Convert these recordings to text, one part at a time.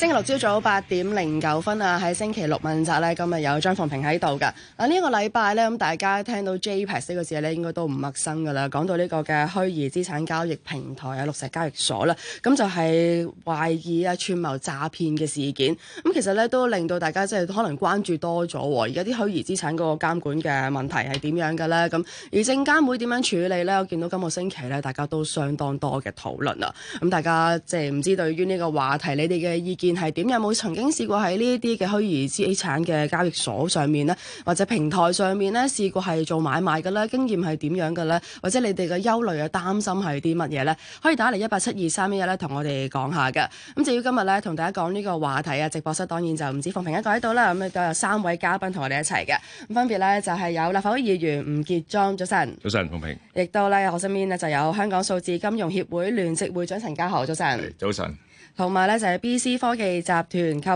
星期六朝早八點零九分啊，喺星期六問責咧，今日有張鳳平喺度嘅。嗱呢個禮拜咧，咁大家聽到 JPEX 呢個字咧，應該都唔陌生噶啦。講到呢個嘅虛擬資產交易平台啊，綠石交易所啦，咁就係懷疑啊串謀詐騙嘅事件。咁其實咧都令到大家即係可能關注多咗喎。而家啲虛擬資產嗰個監管嘅問題係點樣嘅咧？咁而證監會點樣處理咧？我見到今個星期咧，大家都相當多嘅討論啊。咁大家即係唔知對於呢個話題，你哋嘅意見？係點？有冇曾經試過喺呢一啲嘅虛擬資產嘅交易所上面咧，或者平台上面咧，試過係做買賣嘅咧？經驗係點樣嘅咧？或者你哋嘅憂慮嘅擔心係啲乜嘢咧？可以打嚟，一八七二三一一咧，同我哋講下嘅。咁至於今日咧，同大家講呢個話題啊，直播室當然就唔止馮平一個喺度啦，咁亦都有三位嘉賓同我哋一齊嘅。咁分別咧就係有立法會議員吳傑莊，早晨，早晨，馮平。亦都咧，我身邊呢，就有香港數字金融協會聯席會長陳家豪，早晨，早晨。同埋咧就係、是、BC 科技集團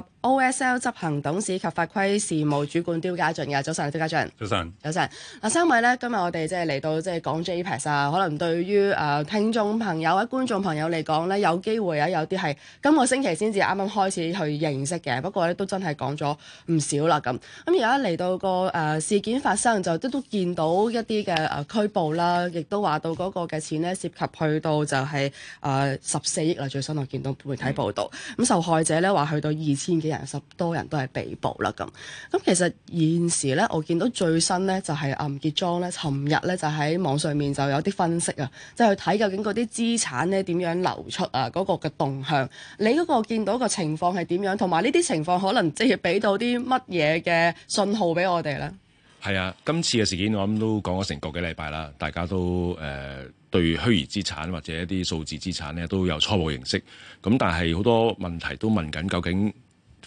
及 OSL 執行董事及法規事務主管刁家駿嘅，早晨，刁家駿。早晨上，早晨。啊，嗱，三位咧，今日我哋即係嚟到即係講 JPEX 啊，可能對於誒、呃、聽眾朋友、啊觀眾朋友嚟講咧，有機會啊有啲係今個星期先至啱啱開始去認識嘅，不過咧都真係講咗唔少啦咁。咁而家嚟到個誒、呃、事件發生，就都都見到一啲嘅誒拘捕啦，亦都話到嗰個嘅錢咧涉及去到就係誒十四億啦，最新我見到媒體報道咁受害者咧話去到二千幾人，十多人都係被捕啦咁。咁其實現時咧，我見到最新咧就係吳傑莊咧，尋日咧就喺網上面就有啲分析啊，即、就係、去睇究竟嗰啲資產咧點樣流出啊，嗰、嗰個嘅動向，你嗰個見到嘅情況係點樣？同埋呢啲情況可能即係俾到啲乜嘢嘅信號俾我哋咧？係啊，今次嘅事件我諗都講咗成個幾禮拜啦，大家都誒。呃對虛擬資產或者一啲數字資產咧都有初步認識，咁但係好多問題都問緊，究竟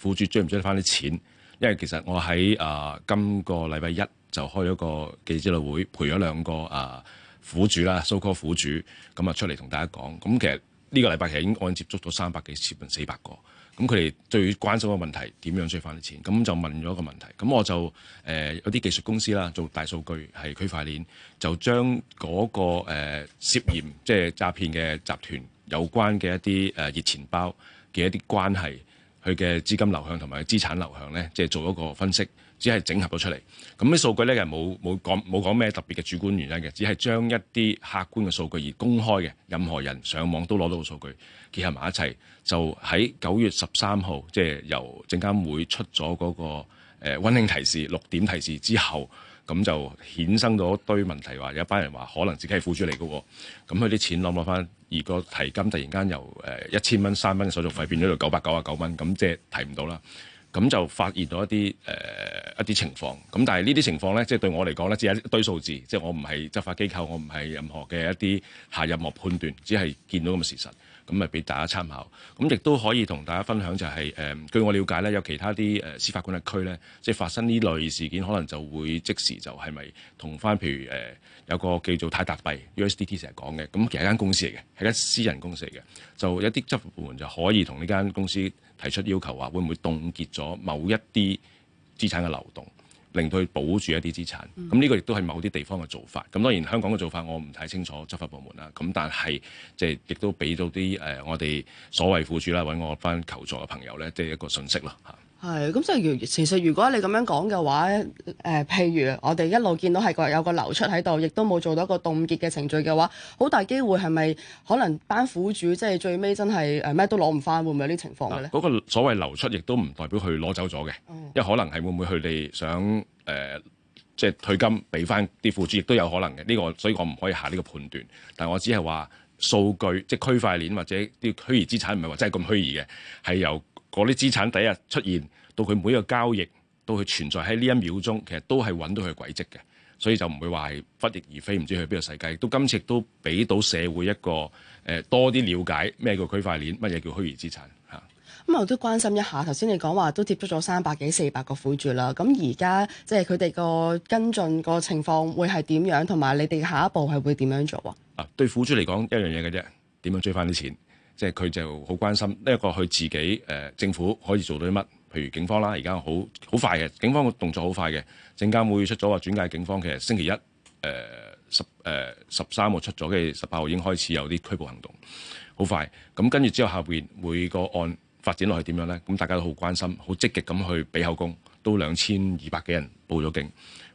苦主追唔追得翻啲錢？因為其實我喺啊、呃、今個禮拜一就開咗個記者招待會，陪咗兩個啊苦主啦，蘇科苦主，咁啊出嚟同大家講。咁、嗯、其實呢個禮拜其實我已經按接觸咗三百幾次，甚至四百個。咁佢哋最關心嘅問題，點樣追返啲錢，咁就問咗一個問題。咁我就誒、呃、有啲技術公司啦，做大數據係區塊鏈，就將嗰、嗰個誒、呃、涉嫌即係詐騙嘅集團有關嘅一啲誒熱錢包嘅一啲關係，佢嘅資金流向同埋資產流向咧，即係做一個分析。只係整合咗出嚟，咁啲數據咧，其實冇冇講冇講咩特別嘅主觀原因嘅，只係將一啲客觀嘅數據而公開嘅，任何人上網都攞到個數據結合埋一齊，就喺九月十三號，即係由證監會出咗嗰個誒溫馨提示六點提示之後，咁就衍生咗一堆問題，話有一班人話可能自己係副主嚟嘅喎，咁佢啲錢攞唔攞翻？而個提金突然間由誒一千蚊三蚊嘅手續費變咗到九百九十九蚊，咁即係提唔到啦。咁就發現到一啲誒、呃、一啲情況，咁但係呢啲情況咧，即係對我嚟講咧，只係一堆數字，即係我唔係執法機構，我唔係任何嘅一啲下任何判斷，只係見到咁嘅事實，咁咪俾大家參考。咁亦都可以同大家分享、就是，就係誒據我了解咧，有其他啲誒司法管轄區咧，即係發生呢類事件，可能就會即時就係咪同翻譬如誒、呃、有個叫做泰達幣 （USDT） 成日講嘅，咁其實係間公司嚟嘅，係間私人公司嚟嘅，就一啲執法部門就可以同呢間公司。提出要求話會唔會凍結咗某一啲資產嘅流動，令到佢保住一啲資產。咁呢、嗯、個亦都係某啲地方嘅做法。咁當然香港嘅做法我唔太清楚執法部門是是、呃、啦。咁但係即係亦都俾到啲誒我哋所謂苦主啦，揾我翻求助嘅朋友咧，即、就、係、是、一個信息咯嚇。係，咁即係如其實如果你咁樣講嘅話，誒、呃，譬如我哋一路見到係個有個流出喺度，亦都冇做到一個凍結嘅程序嘅話，好大機會係咪可能班苦主即係最尾真係誒咩都攞唔翻，會唔會有啲情況咧？嗰個所謂流出亦都唔代表佢攞走咗嘅，嗯、因為可能係會唔會佢哋想誒即係退金俾翻啲苦主，亦都有可能嘅。呢、呢個所以我唔可以下呢個判斷，但我只係話數據即係區塊鏈或者啲虛擬資產唔係話真係咁虛擬嘅，係有。我啲資產第一日出現到佢每一個交易，到佢存在喺呢一秒鐘，其實都係揾到佢軌跡嘅，所以就唔會話係不翼而飛，唔知去邊個世界。都今次都俾到社會一個誒、呃、多啲了解咩叫區塊鏈，乜嘢叫虛擬資產嚇。咁、啊嗯、我都關心一下。頭先你講話都接觸咗三百幾、四百個苦主啦。咁而家即係佢哋個跟進個情況會係點樣？同埋你哋下一步係會點樣做啊？嗱，對苦主嚟講一樣嘢嘅啫，點樣追翻啲錢？即係佢就好關心呢一個，佢自己誒、呃、政府可以做到啲乜？譬如警方啦，而家好好快嘅，警方嘅動作好快嘅。證監會出咗話轉介警方，其實星期一誒、呃、十誒、呃、十三號出咗，嘅，十八號已經開始有啲拘捕行動，好快。咁跟住之後，下邊每個案發展落去點樣呢？咁、嗯、大家都好關心，好積極咁去俾口供，都兩千二百幾人報咗警，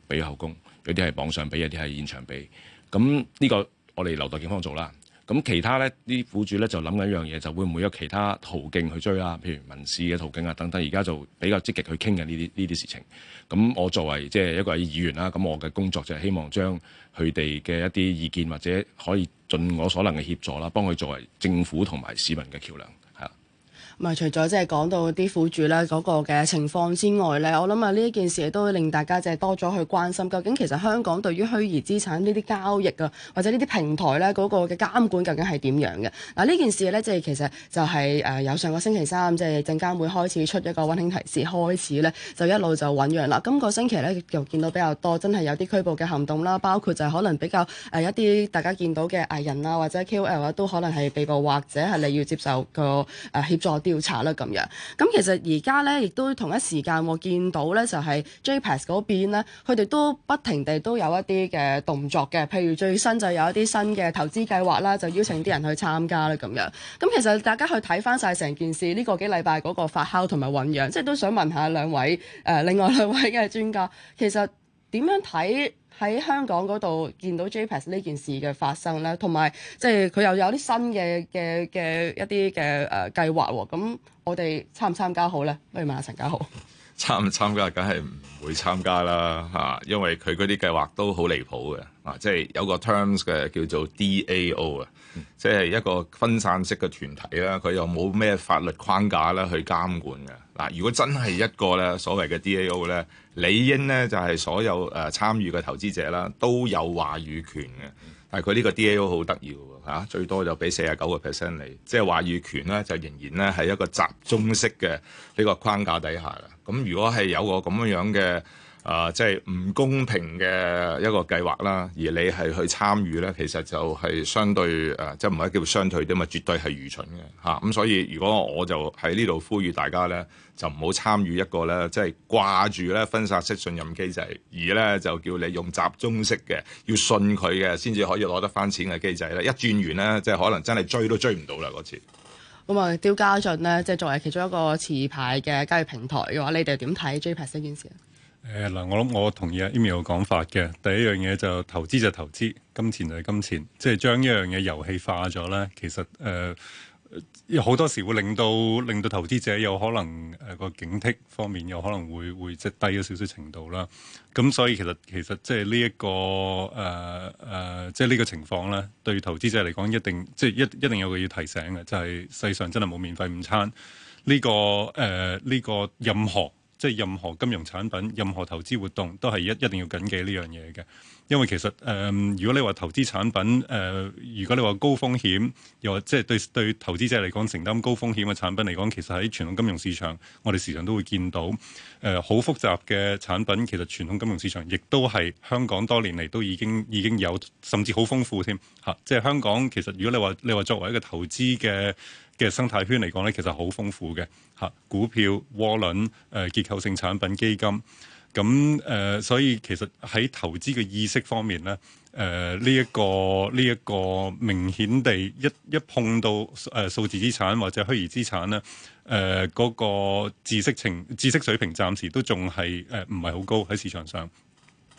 俾口供，有啲係網上俾，有啲係現場俾。咁、嗯、呢、呢個我哋留待警方做啦。咁其他呢啲苦主呢，就諗緊一樣嘢，就會唔會有其他途徑去追啦？譬如民事嘅途徑啊，等等。而家就比較積極去傾嘅呢啲呢啲事情。咁我作為即係一個議員啦，咁我嘅工作就係希望將佢哋嘅一啲意見或者可以盡我所能嘅協助啦，幫佢作為政府同埋市民嘅橋樑。咪除咗即係講到啲苦主咧，嗰個嘅情況之外咧，我諗啊呢一件事都會令大家即係多咗去關心，究竟其實香港對於虛擬資產呢啲交易啊，或者呢啲平台咧嗰個嘅監管究竟係點樣嘅？嗱，呢件事咧即係其實就係誒由上個星期三即係證監會開始出一個溫馨提示開始咧，就一路就醞釀啦。今個星期咧又見到比較多，真係有啲拘捕嘅行動啦，包括就係可能比較誒一啲大家見到嘅藝人啊或者 KOL 啊，都可能係被捕或者係你要接受個誒協助啲。調查啦咁樣，咁其實而家咧亦都同一時間我見到咧，就係 JPEX 嗰邊咧，佢哋都不停地都有一啲嘅動作嘅，譬如最新就有一啲新嘅投資計劃啦，就邀請啲人去參加啦咁樣。咁其實大家去睇翻晒成件事，呢個幾禮拜嗰個發酵同埋醖釀，即係都想問下兩位誒，另外兩位嘅專家，其實點樣睇？喺香港嗰度見到 JPEX 呢件事嘅發生咧，同埋即係佢又有啲新嘅嘅嘅一啲嘅誒計劃，咁、呃哦、我哋參唔參加好咧？不如問下陳、啊、家豪。參唔參加梗係唔會參加啦嚇、啊，因為佢嗰啲計劃都好離譜嘅，啊，即係有個 terms 嘅叫做 DAO 啊、嗯，即係一個分散式嘅團體啦，佢又冇咩法律框架啦去監管嘅嗱、啊，如果真係一個咧所謂嘅 DAO 咧，理應咧就係、是、所有誒、呃、參與嘅投資者啦都有話語權嘅。嗯係佢呢個 D A O 好得意㗎喎，最多就俾四十九個 percent 你，即係話語權咧就仍然咧係一個集中式嘅呢個框架底下啦。咁如果係有個咁樣樣嘅。啊，即係唔公平嘅一個計劃啦。而你係去參與咧，其實就係相對誒，即係唔可以叫相對啲，咪絕對係愚蠢嘅嚇。咁、啊嗯、所以如果我就喺呢度呼籲大家咧，就唔好參與一個咧，即係掛住咧分散式信任機制，而咧就叫你用集中式嘅要信佢嘅先至可以攞得返錢嘅機制咧。一轉完咧，即係可能真係追都追唔到啦嗰次。咁啊，刁家駿咧，即係作為其中一個持牌嘅交易平台嘅話，你哋點睇 JPEX 呢件事啊？誒嗱、呃，我諗我同意阿 Amy 有講法嘅。第一樣嘢就投資就投資，金錢就係金錢，即係將一樣嘢遊戲化咗咧。其實誒，好、呃、多時會令到令到投資者有可能誒、呃、個警惕方面有可能會會即低咗少少程度啦。咁所以其實其實即係呢一個誒誒，即係呢、這個呃呃、個情況咧，對投資者嚟講一定即係一一定有個要提醒嘅，就係、是、世上真係冇免費午餐。呢、這個誒呢、呃這個任何。即係任何金融產品，任何投資活動，都係一一定要謹記呢樣嘢嘅。因為其實誒、呃，如果你話投資產品，誒、呃，如果你話高風險，又或即係對對投資者嚟講承擔高風險嘅產品嚟講，其實喺傳統金融市場，我哋時常都會見到誒好、呃、複雜嘅產品。其實傳統金融市場亦都係香港多年嚟都已經已經有，甚至好豐富添嚇、啊。即係香港其實，如果你話你話作為一個投資嘅，嘅生態圈嚟講咧，其實好豐富嘅嚇，股票、窩輪、誒結構性產品、基金，咁誒、呃，所以其實喺投資嘅意識方面咧，誒呢一個呢一、這個明顯地一一碰到誒、呃、數字資產或者虛擬資產咧，誒、呃、嗰、那個知識情知識水平暫時都仲係誒唔係好高喺市場上。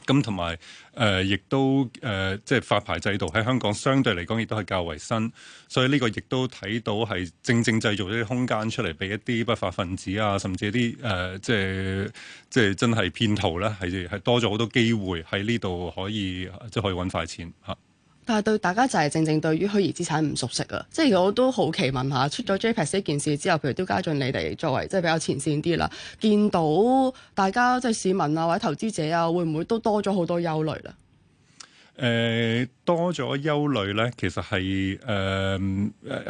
咁同埋誒，亦、嗯呃、都誒、呃，即係發牌制度喺香港相對嚟講亦都係較為新，所以呢個亦都睇到係正正製造一啲空間出嚟，俾一啲不法分子啊，甚至一啲誒、呃，即係即係真係騙徒啦，係係多咗好多機會喺呢度可以即係、就是、可以揾快錢嚇、嗯。但係對大家就係正正對於虛擬資產唔熟悉啊！即係我都好奇問下，出咗 JPEX 呢件事之後，譬如刁家駿你哋作為即係比較前線啲啦，見到大家即係市民啊或者投資者啊，會唔會都多咗好多憂慮啦？誒、呃、多咗憂慮呢，其實係誒、呃、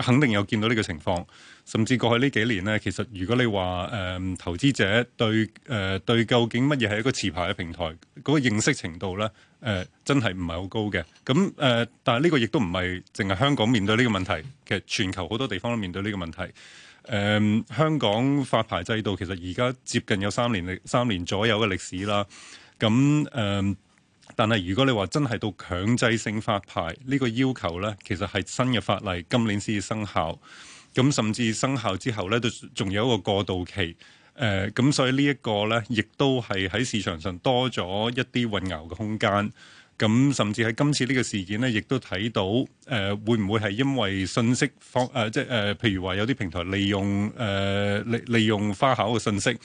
肯定有見到呢個情況，甚至過去呢幾年呢，其實如果你話誒、呃、投資者對誒、呃、對究竟乜嘢係一個持牌嘅平台嗰、那個認識程度呢，誒、呃、真係唔係好高嘅。咁誒、呃，但係呢個亦都唔係淨係香港面對呢個問題，其實全球好多地方都面對呢個問題。誒、呃，香港發牌制度其實而家接近有三年歷三年左右嘅歷史啦。咁誒、呃但係如果你話真係到強制性發牌呢，呢個要求呢，其實係新嘅法例，今年先至生效。咁甚至生效之後呢，都仲有一個過渡期。誒、呃，咁所以呢一個呢，亦都係喺市場上多咗一啲混淆嘅空間。咁甚至喺今次呢個事件呢，亦都睇到誒、呃，會唔會係因為信息方誒、呃，即係、呃、譬如話有啲平台利用誒利、呃、利用花巧嘅信息？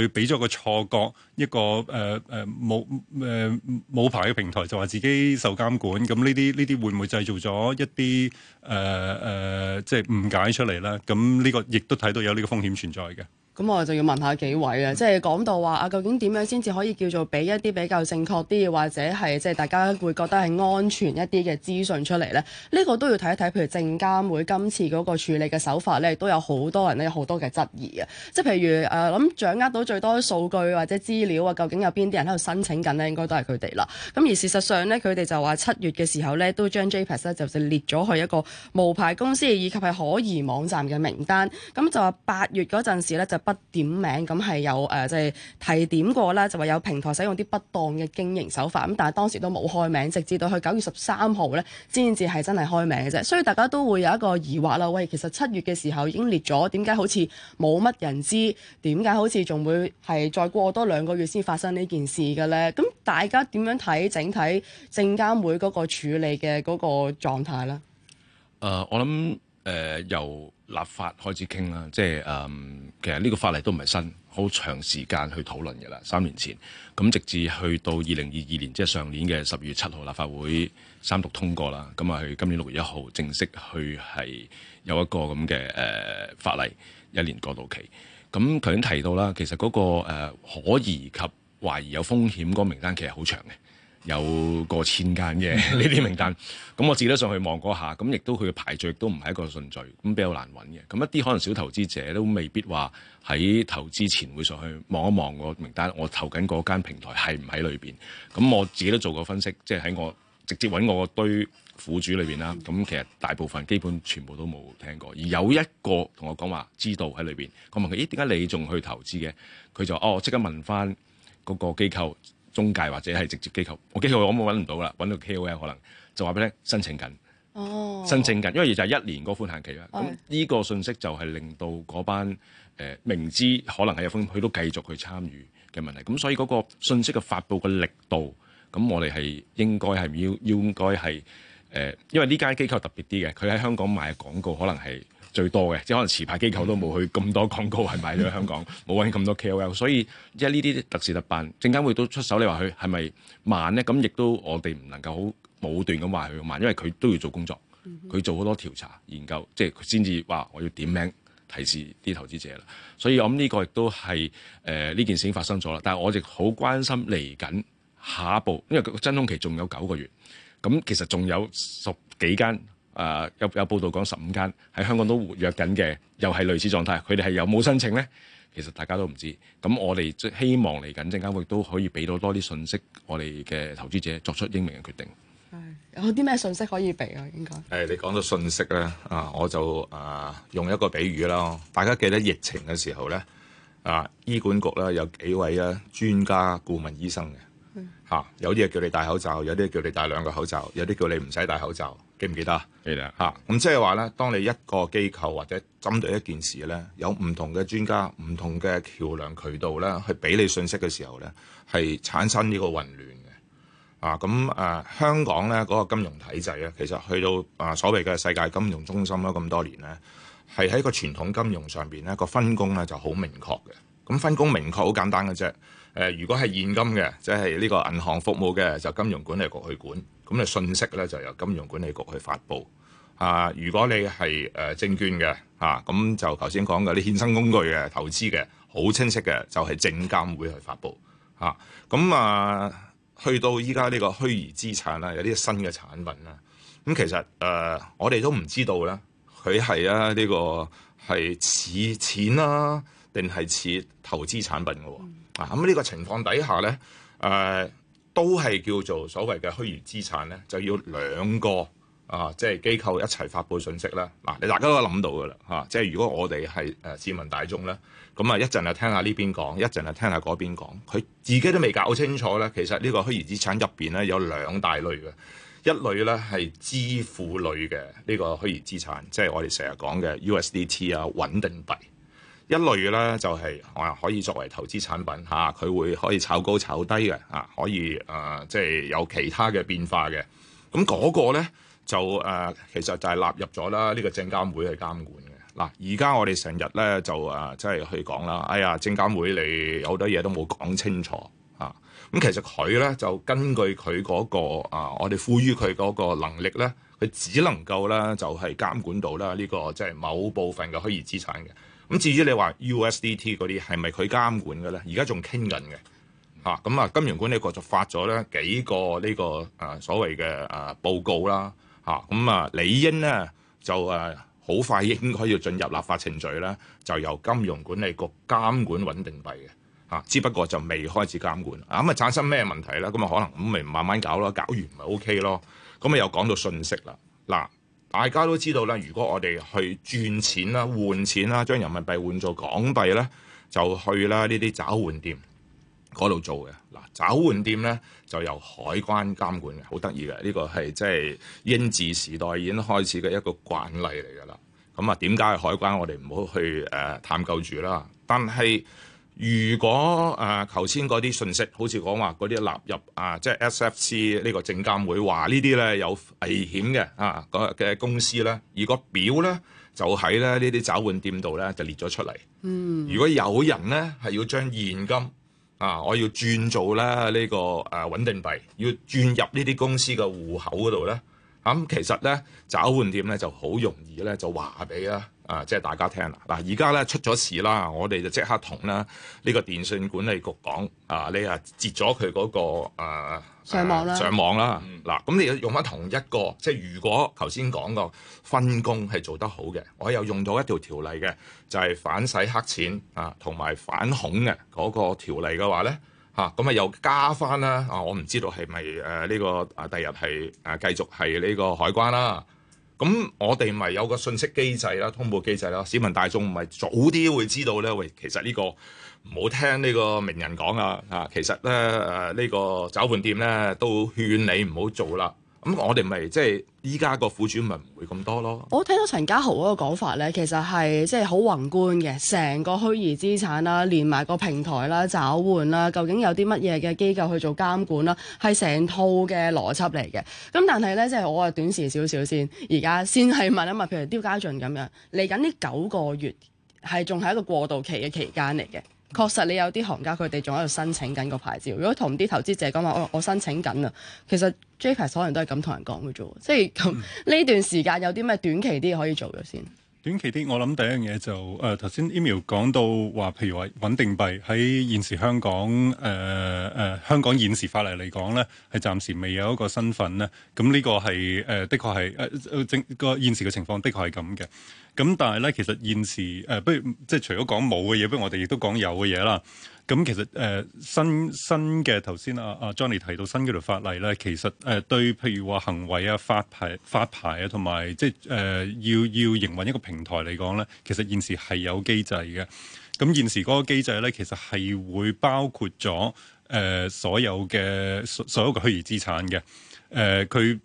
去俾咗個錯覺，一個誒誒冇誒冇牌嘅平台，就話自己受監管，咁呢啲呢啲會唔會製造咗一啲誒誒，即係誤解出嚟咧？咁呢個亦都睇到有呢個風險存在嘅。咁我就要問下幾位啊，即係講到話啊，究竟點樣先至可以叫做俾一啲比較正確啲，或者係即係大家會覺得係安全一啲嘅資訊出嚟咧？呢個都要睇一睇，譬如證監會今次嗰個處理嘅手法咧，都有好多人咧，好多嘅質疑啊。即係譬如誒，諗掌握到最多數據或者資料啊，究竟有邊啲人喺度申請緊咧？應該都係佢哋啦。咁而事實上咧，佢哋就話七月嘅時候咧，都將 JPEX 咧就就列咗去一個無牌公司以及係可疑網站嘅名單。咁就話八月嗰陣時咧，就點名咁係有誒，即、呃、係、就是、提點過啦，就話、是、有平台使用啲不當嘅經營手法咁，但係當時都冇開名，直至到去九月十三號呢，先至係真係開名嘅啫。所以大家都會有一個疑惑啦，「喂，其實七月嘅時候已經列咗，點解好似冇乜人知？點解好似仲會係再過多兩個月先發生呢件事嘅呢？」咁大家點樣睇整體證監會嗰個處理嘅嗰個狀態呢？誒、呃，我諗誒由。呃立法開始傾啦，即係誒、嗯，其實呢個法例都唔係新，好長時間去討論嘅啦。三年前，咁直至去到二零二二年，即係上年嘅十二月七號，立法會三讀通過啦。咁啊，去今年六月一號正式去係有一個咁嘅誒法例一年過渡期。咁頭先提到啦，其實嗰、嗰個、呃、可疑及懷疑有風險嗰個名單其實好長嘅。有過千間嘅呢啲名單，咁我自己都上去望過下，咁亦都佢嘅排序都唔係一個順序，咁比較難揾嘅。咁一啲可能小投資者都未必話喺投資前會上去望一望個名單，我投緊嗰間平台係唔喺裏邊。咁我自己都做過分析，即係喺我直接揾我堆苦主裏邊啦。咁其實大部分基本全部都冇聽過，而有一個同我講話知道喺裏邊，我問佢：咦，點解你仲去投資嘅？佢就哦，即刻問返嗰個機構。中介或者係直接機構，我機構我冇搵唔到啦，搵到 KOL 可能，可能就話俾你聽申請緊，oh. 申請緊，因為就係一年嗰個寬限期啦。咁呢、oh. 個信息就係令到嗰班誒、呃、明知可能係有風險，佢都繼續去參與嘅問題。咁所以嗰個信息嘅發布嘅力度，咁我哋係應該係要要應該係、呃、因為呢間機構特別啲嘅，佢喺香港賣嘅廣告可能係。最多嘅，即係可能持牌機構都冇去咁多廣告係買咗香港，冇揾咁多 KOL，所以即係呢啲特事特辦，證監會都出手。你話佢係咪慢咧？咁亦都我哋唔能夠好武斷咁話佢慢，因為佢都要做工作，佢做好多調查研究，即係佢先至話我要點名提示啲投資者啦。所以我諗呢個亦都係誒呢件事已經發生咗啦。但係我亦好關心嚟緊下一步，因為佢個真空期仲有九個月，咁其實仲有十幾間。誒、uh, 有有報道講十五間喺香港都活躍緊嘅，又係類似狀態。佢哋係有冇申請呢？其實大家都唔知。咁我哋希望嚟緊，證監亦都可以俾到多啲信息，我哋嘅投資者作出英明嘅決定。係有啲咩信息可以俾啊？應該誒，你講到信息咧啊，我就啊用一個比喻啦。大家記得疫情嘅時候咧啊，醫管局咧有幾位啊專家顧問醫生嘅嚇是、啊，有啲係叫你戴口罩，有啲係叫你戴兩個口罩，有啲叫你唔使戴口罩。記唔記得，記得啊？記得吓，咁即係話咧，當你一個機構或者針對一件事咧，有唔同嘅專家、唔同嘅橋樑渠道咧，去俾你信息嘅時候咧，係產生呢個混亂嘅。啊，咁啊，香港咧嗰、那個金融體制咧，其實去到啊所謂嘅世界金融中心咧，咁多年咧，係喺個傳統金融上邊咧個分工咧就好明確嘅。咁、啊、分工明確好簡單嘅啫。誒、啊，如果係現金嘅，即係呢個銀行服務嘅，就金融管理局去管。咁嘅信息咧就由金融管理局去發布啊。如果你係誒、呃、證券嘅嚇，咁、啊、就頭先講嘅啲衍生工具嘅投資嘅，好清晰嘅就係、是、證監會去發布嚇。咁啊，啊，去到依家呢個虛擬資產啦，有啲新嘅產品啦。咁、嗯、其實誒、呃，我哋都唔知道咧，佢係、這個、啊呢個係似錢啦，定係似投資產品嘅喎、哦、啊。咁、這、呢個情況底下咧，誒、呃。都係叫做所謂嘅虛擬資產咧，就要兩個啊，即係機構一齊發布信息啦。嗱、啊，你大家都諗到噶啦嚇，即係如果我哋係誒市民大眾咧，咁啊一陣就聽下呢邊講，一陣就聽下嗰邊講，佢自己都未搞清楚咧。其實呢個虛擬資產入邊咧有兩大類嘅，一類咧係支付類嘅呢、呢個虛擬資產，即係我哋成日講嘅 USDT 啊穩定幣。一類咧就係啊，可以作為投資產品嚇，佢會可以炒高炒低嘅嚇，可以啊，即、呃、係、就是、有其他嘅變化嘅。咁嗰個咧就誒、呃，其實就係納入咗啦。呢個證監會去監管嘅嗱，而家我哋成日咧就誒，即、啊、係、就是、去講啦。哎呀，證監會你好多嘢都冇講清楚啊。咁、嗯、其實佢咧就根據佢嗰、那個啊，我哋賦予佢嗰個能力咧，佢只能夠咧就係監管到啦、這、呢個即係、就是、某部分嘅虛擬資產嘅。咁至於你話 USDT 嗰啲係咪佢監管嘅咧？而家仲傾緊嘅嚇，咁啊金融管理局就發咗咧幾個呢、呢個啊所謂嘅啊報告啦嚇，咁啊理應咧就誒好、啊、快應該要進入立法程序啦，就由金融管理局監管穩定幣嘅嚇、啊，只不過就未開始監管啊，咁啊產生咩問題啦？咁啊可能咁咪慢慢搞咯，搞完咪 O K 咯，咁啊又講到信息啦嗱。大家都知道啦，如果我哋去轉錢啦、換錢啦、將人民幣換做港幣咧，就去啦呢啲找換店嗰度做嘅。嗱，找換店咧就由海關監管嘅，好得意嘅。呢個係即係英治時代已經開始嘅一個慣例嚟噶啦。咁啊，點解海關我哋唔好去誒探究住啦？但係如果誒頭先嗰啲信息，好似講話嗰啲納入啊，即係 SFC 呢個證監會話呢啲咧有危險嘅啊，個嘅公司咧，如果表咧就喺咧呢啲找換店度咧就列咗出嚟。嗯，如果有人咧係要將現金啊，我要轉做咧呢、呢個誒、啊、穩定幣，要轉入呢啲公司嘅戶口嗰度咧。咁其實咧找換店咧就好容易咧就話俾啊啊即係大家聽啦，嗱而家咧出咗事啦，我哋就即刻同咧呢個電訊管理局講啊，你截、那個、啊截咗佢嗰個上網啦，上網啦嗱，咁、嗯啊、你要用翻同一個即係如果頭先講個分工係做得好嘅，我有用到一條條例嘅，就係、是、反洗黑錢啊同埋反恐嘅嗰個條例嘅話咧。嚇，咁啊又加翻啦！啊，我唔知道係咪誒呢個啊第日係誒繼續係呢個海關啦。咁、啊、我哋咪有個信息機制啦、啊、通報機制啦、啊，市民大眾咪早啲會知道咧。喂，其實呢、這個唔好聽呢個名人講啊！啊，其實咧誒呢、啊這個找換店咧都勸你唔好做啦。咁我哋咪即係依家個苦主咪唔會咁多咯。我聽到陳家豪嗰個講法咧，其實係即係好宏觀嘅，成個虛擬資產啦，連埋個平台啦、找換啦，究竟有啲乜嘢嘅機構去做監管啦，係成套嘅邏輯嚟嘅。咁但係咧，即係我話短視少少先，而家先係問啊嘛。譬如刁家駿咁樣，嚟緊呢九個月係仲係一個過渡期嘅期間嚟嘅。確實你有啲行家佢哋仲喺度申請緊個牌照。如果同啲投資者講話，我我申請緊啊，其實。JPEX 可能都係咁同人講嘅啫，即係咁呢段時間有啲咩短期啲可以做嘅先？短期啲，我諗第一樣嘢就誒頭、呃、先 email 講到話，譬如話穩定幣喺現時香港誒誒、呃呃、香港現時法例嚟講咧，係暫時未有一個身份咧。咁呢個係誒、呃，的確係誒整個現時嘅情況的確係咁嘅。咁但係咧，其實現時誒、呃，不如即係除咗講冇嘅嘢，不如我哋亦都講有嘅嘢啦。咁、嗯、其實誒、呃、新新嘅頭先啊啊 Johnny 提到新嘅條法例咧，其實誒對譬如話行為啊、發牌發牌啊，同埋即係誒、呃、要要營運一個平台嚟講咧，其實現時係有機制嘅。咁、嗯、現時嗰個機制咧，其實係會包括咗誒、呃、所有嘅所所有嘅虛擬資產嘅。誒佢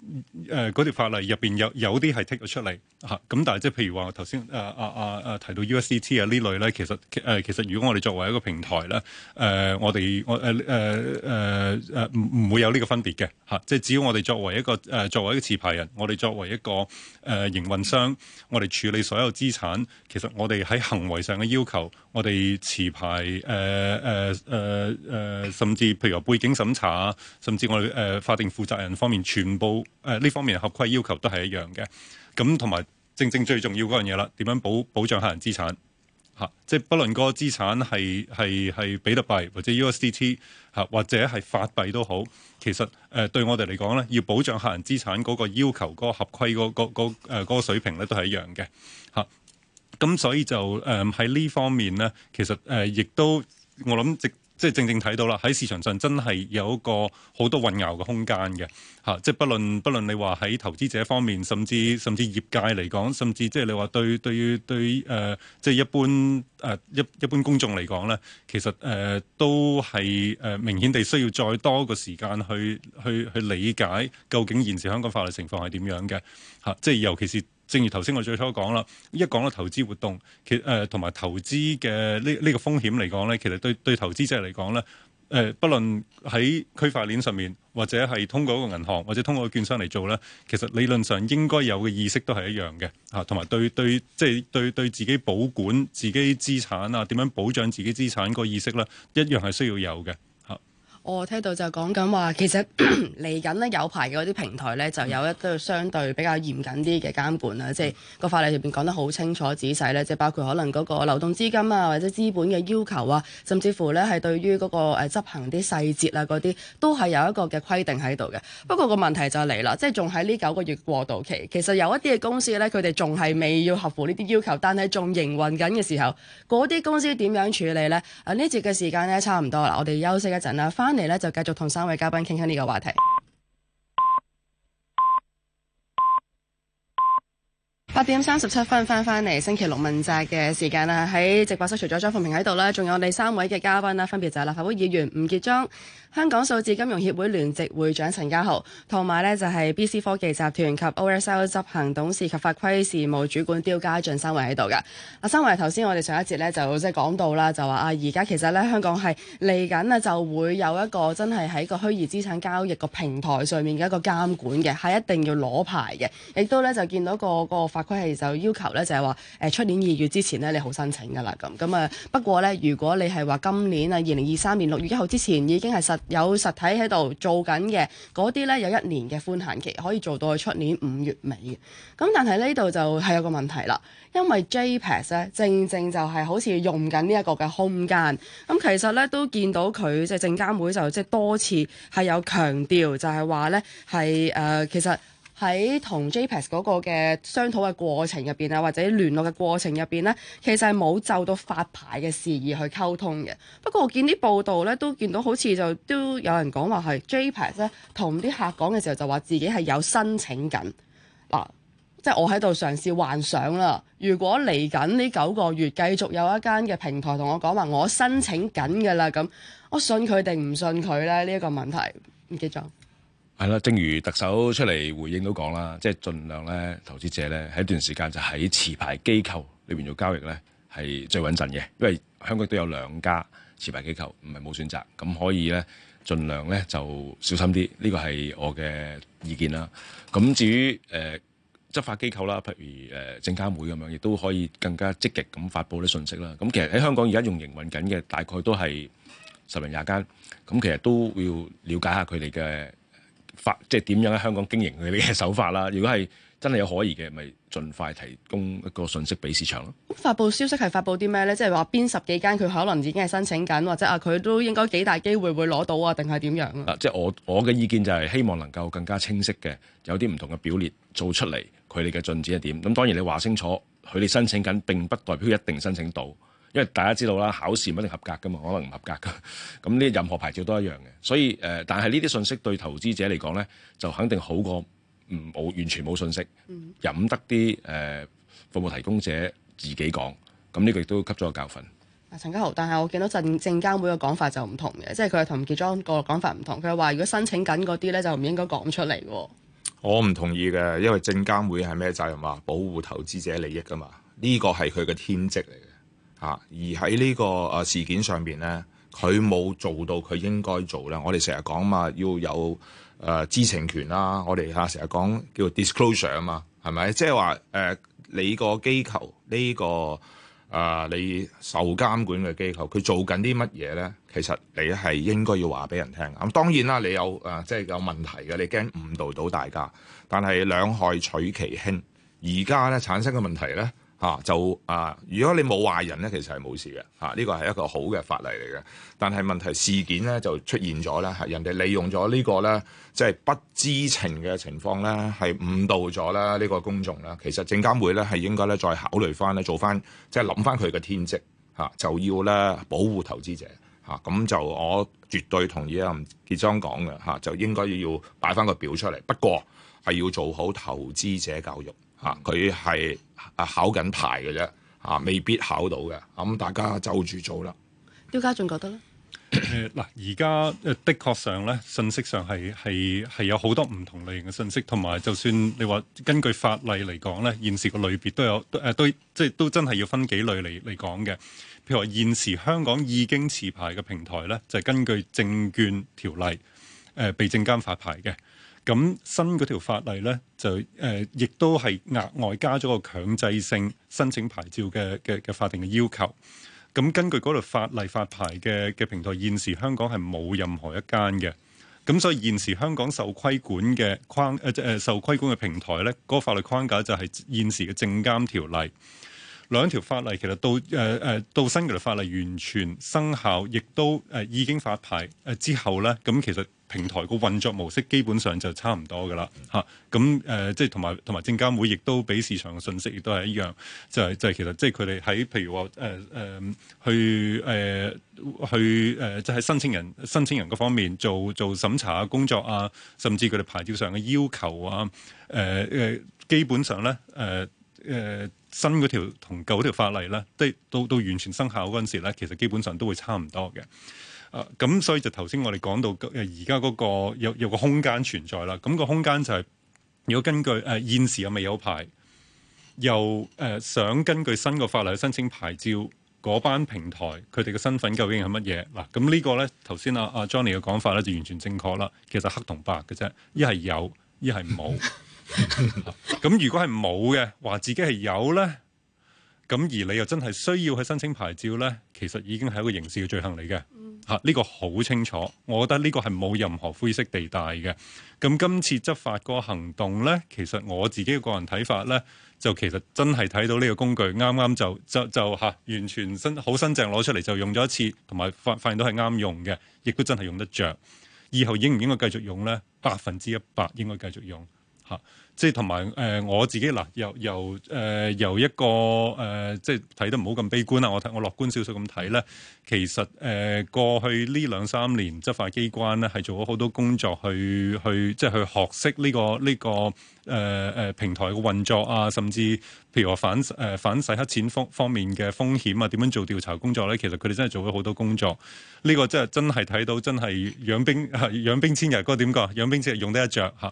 誒條法例入邊有有啲係剔咗出嚟吓，咁、啊、但係即係譬如話頭先誒誒誒誒提到 USDT 啊呢類咧，其實誒其實如果我哋作為一個平台咧，誒、啊、我哋我誒誒誒誒唔唔會有呢個分別嘅吓、啊，即係只要我哋作為一個誒、呃、作為一個持牌人，我哋作為一個誒、呃、營運商，我哋處理所有資產，其實我哋喺行為上嘅要求，我哋持牌誒誒誒誒甚至譬如話背景審查啊，甚至我哋誒、呃呃、法定負責人方面。呃全部誒呢、呃、方面合規要求都係一樣嘅，咁同埋正正最重要嗰樣嘢啦，點樣保保障客人資產？嚇、啊？即係不論個資產係係係比特幣或者 USDT 嚇，或者係、啊、法幣都好，其實誒、呃、對我哋嚟講咧，要保障客人資產嗰個要求、嗰、嗰個合規嗰、嗰個嗰、嗰個、水平咧，都係一樣嘅嚇。咁、啊、所以就誒喺呢方面咧，其實誒亦、呃、都我諗。直。即係正正睇到啦，喺市場上真係有一個好多混淆嘅空間嘅嚇，即係不論不論你話喺投資者方面，甚至甚至業界嚟講，甚至即係你話對對對誒、呃，即係一般誒、呃、一一般公眾嚟講咧，其實誒、呃、都係誒、呃、明顯地需要再多個時間去去去理解究竟現時香港法律情況係點樣嘅嚇、呃，即係尤其是。正如頭先我最初講啦，一講到投資活動，其誒同埋投資嘅呢呢個風險嚟講呢，其實對對投資者嚟講呢，誒，不論喺區塊鏈上面，或者係通過一個銀行，或者通過個券商嚟做呢，其實理論上應該有嘅意識都係一樣嘅，嚇、啊，同埋對對，即係對、即係、對，對，對自己保管自己資產啊，點樣保障自己資產嗰個意識呢，一樣係需要有嘅。我、哦、聽到就係講緊話，其實嚟緊呢有排嘅嗰啲平台呢，就有一對相對比較嚴謹啲嘅監管啦。即係個法例入邊講得好清楚仔細呢，即係包括可能嗰個流動資金啊，或者資本嘅要求啊，甚至乎呢係對於嗰個執行啲細節啊嗰啲，都係有一個嘅規定喺度嘅。不過個問題就嚟啦，即係仲喺呢九個月過渡期，其實有一啲嘅公司呢，佢哋仲係未要合乎呢啲要求，但係仲營運緊嘅時候，嗰啲公司點樣處理呢？啊呢節嘅時間呢，差唔多啦，我哋休息一陣啦，翻嚟咧就繼續同三位嘉賓傾下呢個話題。八點三十七分翻返嚟星期六問責嘅時間啦，喺直播室除咗張鳳平喺度咧，仲有我哋三位嘅嘉賓啦，分別就係立法會議員吳傑莊。香港數字金融協會聯席會長陳家豪，同埋咧就係、是、BC 科技集團及 OSL 執行董事及法規事務主管刁家駿三位喺度嘅。阿三位頭先我哋上一節咧就即係講到啦，就話啊而家其實咧香港係嚟緊呢，就會有一個真係喺個虛擬資產交易個平台上面嘅一個監管嘅，係一定要攞牌嘅。亦都咧就見到、嗰個、嗰個法規係就要求咧就係話誒出年二月之前咧你好申請㗎啦，咁咁啊，不過咧如果你係話今年啊二零二三年六月一號之前已經係實有實體喺度做緊嘅嗰啲呢，有一年嘅寬限期，可以做到去出年五月尾。咁但係呢度就係有個問題啦，因為 JPEX 咧正正就係好似用緊呢一個嘅空間。咁、嗯、其實呢，都見到佢即係證監會就即、是、係、就是、多次係有強調就，就係話呢係誒其實。喺同 JPEX 嗰個嘅商討嘅過程入邊啊，或者聯絡嘅過程入邊呢，其實係冇就到發牌嘅事宜去溝通嘅。不過我見啲報道呢，都見到好似就都有人講話係 JPEX 咧，同啲客講嘅時候就話自己係有申請緊嗱、啊，即係我喺度嘗試幻想啦。如果嚟緊呢九個月繼續有一間嘅平台同我講話，我申請緊㗎啦，咁我信佢定唔信佢呢？呢、這、一個問題唔記得咗。係啦，正如特首出嚟回應都講啦，即係儘量咧，投資者咧喺一段時間就喺持牌機構裏邊做交易咧係最穩陣嘅，因為香港都有兩家持牌機構，唔係冇選擇，咁可以咧儘量咧就小心啲。呢、這個係我嘅意見啦。咁至於誒、呃、執法機構啦，譬如誒證監會咁樣，亦都可以更加積極咁發布啲信息啦。咁其實喺香港而家用營運緊嘅大概都係十零廿間，咁其實都要了解下佢哋嘅。法即係點樣喺香港經營佢哋嘅手法啦？如果係真係有可疑嘅，咪盡快提供一個信息俾市場咯。發布消息係發布啲咩呢？即係話邊十幾間佢可能已經係申請緊，或者啊佢都應該幾大機會會攞到啊？定係點樣啊？即係我我嘅意見就係希望能夠更加清晰嘅，有啲唔同嘅表列做出嚟佢哋嘅進展係點。咁當然你話清楚，佢哋申請緊並不代表一定申請到。因為大家知道啦，考試唔一定合格噶嘛，可能唔合格噶。咁 呢任何牌照都一樣嘅，所以誒、呃，但係呢啲信息對投資者嚟講咧，就肯定好過唔冇完全冇信息，飲、嗯、得啲誒、呃、服務提供者自己講。咁呢個亦都給咗個教訓。陳家豪，但係我見到證證監會嘅講法就唔同嘅，即係佢係同傑莊個講法唔同。佢係話如果申請緊嗰啲咧，就唔應該講出嚟。我唔同意嘅，因為證監會係咩責任嘛、啊？保護投資者利益噶嘛？呢個係佢嘅天職嚟嘅。嚇！而喺呢個誒事件上邊咧，佢冇做到佢應該做咧。我哋成日講嘛，要有誒、呃、知情權啦。我哋嚇成日講叫 disclosure 啊嘛，係咪？即係話誒，你機、這個機構呢個誒，你受監管嘅機構，佢做緊啲乜嘢咧？其實你係應該要話俾人聽。咁當然啦，你有誒，即、呃、係、就是、有問題嘅，你驚誤導到大家。但係兩害取其輕，而家咧產生嘅問題咧。嚇、啊、就啊！如果你冇壞人咧，其實係冇事嘅嚇。呢個係一個好嘅法例嚟嘅。但係問題事件咧就出現咗啦，係、啊、人哋利用咗呢、這個咧，即、就、係、是、不知情嘅情況咧，係誤導咗咧呢個公眾啦。其實證監會咧係應該咧再考慮翻咧，做翻即係諗翻佢嘅天職嚇、啊，就要咧保護投資者嚇。咁、啊、就我絕對同意啊，傑莊講嘅嚇，就應該要擺翻個表出嚟。不過係要做好投資者教育。啊！佢係啊考緊牌嘅啫，啊未必考到嘅。咁、啊、大家就住做啦。刁家駿覺得呢，嗱，而家誒的確上呢，信息上係係係有好多唔同類型嘅信息，同埋就算你話根據法例嚟講呢，現時個類別都有誒、呃、都、呃、即係都真係要分幾類嚟嚟講嘅。譬如話現時香港已經持牌嘅平台呢，就係、是、根據證券條例誒、呃、被證監發牌嘅。咁新嗰條法例呢，就誒亦、呃、都係額外加咗個強制性申請牌照嘅嘅嘅法定嘅要求。咁根據嗰條法例發牌嘅嘅平台，現時香港係冇任何一間嘅。咁所以現時香港受規管嘅框誒即係受規管嘅平台咧，嗰個法律框架就係現時嘅證監條例。兩條法例其實到誒誒、呃、到新嗰條法例完全生效，亦都誒、呃、已經發牌誒、呃、之後呢，咁其實。平台個運作模式基本上就差唔多㗎啦，吓咁誒，即係同埋同埋證監會亦都俾市場嘅信息，亦都係一樣，就係、係、就係、係、其實即係佢哋喺譬如話誒誒去誒、呃、去誒，即、呃、係、就係、申請人申請人嗰方面做做，做審查啊工作啊，甚至佢哋牌照上嘅要求啊，誒、呃、誒基本上咧誒誒新嗰條同舊嗰條法例咧，都到到完全生效嗰陣時咧，其實基本上都會差唔多嘅。咁、啊、所以就頭先我哋講到，而家嗰個有有個空間存在啦。咁、那個空間就係如果根據誒、呃、現時有未有牌，又誒、呃、想根據新個法例去申請牌照，嗰班平台佢哋嘅身份究竟係乜嘢？嗱、啊，咁呢個咧頭先、啊、阿阿 Johnny 嘅講法咧就完全正確啦。其實黑同白嘅啫，一係有，一係冇。咁、 啊、如果係冇嘅，話自己係有咧。咁而你又真係需要去申請牌照呢？其實已經係一個刑事嘅罪行嚟嘅，嚇呢、嗯、個好清楚。我覺得呢個係冇任何灰色地帶嘅。咁今次執法個行動呢，其實我自己個人睇法呢，就其實真係睇到呢個工具啱啱就就就嚇、啊、完全新好新淨攞出嚟就用咗一次，同埋發發現到係啱用嘅，亦都真係用得着。以後應唔應該繼續用呢？百分之一百應該繼續用嚇。啊。即係同埋誒我自己嗱，由由誒由一個誒、呃呃，即係睇得唔好咁悲觀啦。我睇我樂觀少少咁睇咧，其實誒、呃、過去呢兩三年執法機關咧係做咗好多工作去，去去即係去學識呢、這個呢、這個誒誒、呃、平台嘅運作啊，甚至譬如話反誒、呃、反洗黑錢方方面嘅風險啊，點樣做調查工作咧，其實佢哋真係做咗好多工作。呢、這個即係真係睇到，真係養兵、啊、養兵千日，嗰點講，養兵千日用得一着。嚇、啊。